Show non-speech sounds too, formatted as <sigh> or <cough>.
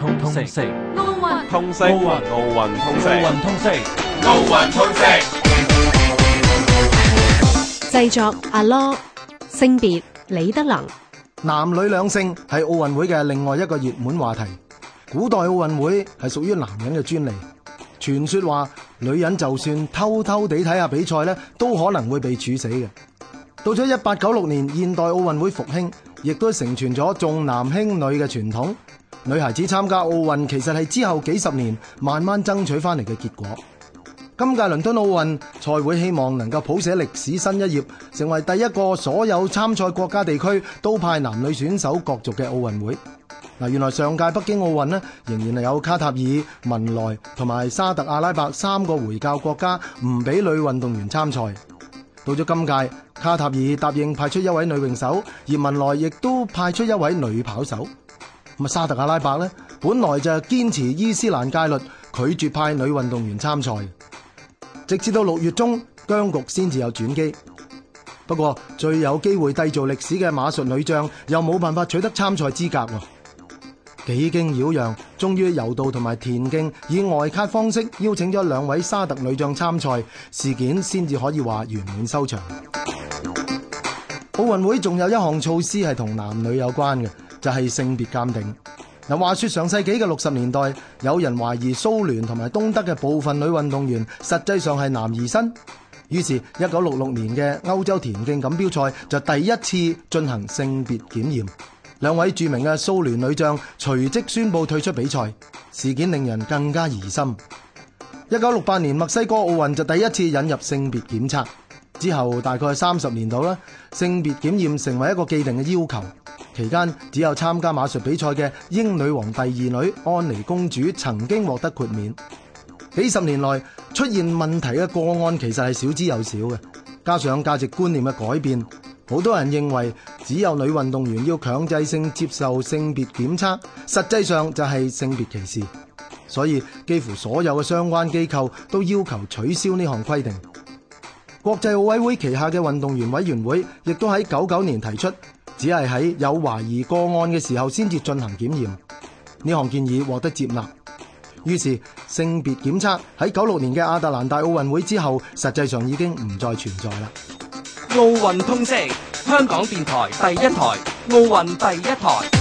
通通識，奧運，奧運，奧運通識，奧運通識，奧運通識。製作阿羅，性別李德能。男女兩性係奧運會嘅另外一個熱門話題。古代奧運會係屬於男人嘅專利，傳說話女人就算偷偷地睇下比賽咧，都可能會被處死嘅。到咗一八九六年，現代奧運會復興，亦都成全咗重男輕女嘅傳統。女孩子參加奧運，其實係之後幾十年慢慢爭取翻嚟嘅結果。今屆倫敦奧運賽會，希望能夠譜寫歷史新一頁，成為第一個所有參賽國家地區都派男女選手角逐嘅奧運會。嗱，原來上屆北京奧運咧，仍然係有卡塔爾、文萊同埋沙特阿拉伯三個回教國家唔俾女運動員參賽。到咗今屆，卡塔爾答應派出一位女泳手，而文萊亦都派出一位女跑手。啊，沙特阿拉伯呢，本來就堅持伊斯蘭戒律，拒絕派女運動員參賽。直至到六月中，僵局先至有轉機。不過，最有機會締造歷史嘅馬術女將，又冇辦法取得參賽資格。幾經擾攘，終於柔道同埋田徑以外卡方式邀請咗兩位沙特女將參賽，事件先至可以話圓滿收場。 <noise> 奧運會仲有一項措施係同男女有關嘅，就係、是、性別鑒定。嗱，話說上世紀嘅六十年代，有人懷疑蘇聯同埋東德嘅部分女運動員實際上係男兒身，於是，一九六六年嘅歐洲田徑錦標賽就第一次進行性別檢驗。兩位著名嘅蘇聯女將隨即宣布退出比賽，事件令人更加疑心。一九六八年墨西哥奧運就第一次引入性別檢測，之後大概三十年度啦，性別檢驗成為一個既定嘅要求。期間只有參加馬術比賽嘅英女皇第二女安妮公主曾經獲得豁免。幾十年來出現問題嘅個案其實係少之又少嘅，加上價值觀念嘅改變，好多人認為。只有女運動員要強制性接受性別檢測，實際上就係性別歧視，所以幾乎所有嘅相關機構都要求取消呢項規定。國際奧委會旗下嘅運動員委員會亦都喺九九年提出，只係喺有懷疑個案嘅時候先至進行檢驗，呢項建議獲得接納。於是性別檢測喺九六年嘅亞特蘭大奧運會之後，實際上已經唔再存在啦。奧運通識，香港電台第一台，奧運第一台。